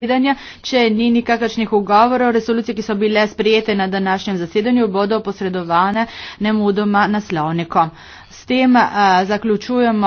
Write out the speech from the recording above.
zasedanja. Če ni nikakršnih ugovorov, resolucije, ki so bile sprijete na današnjem zasedanju, bodo posredovane nemudoma naslovnikom. S tem a, eh, zaključujemo.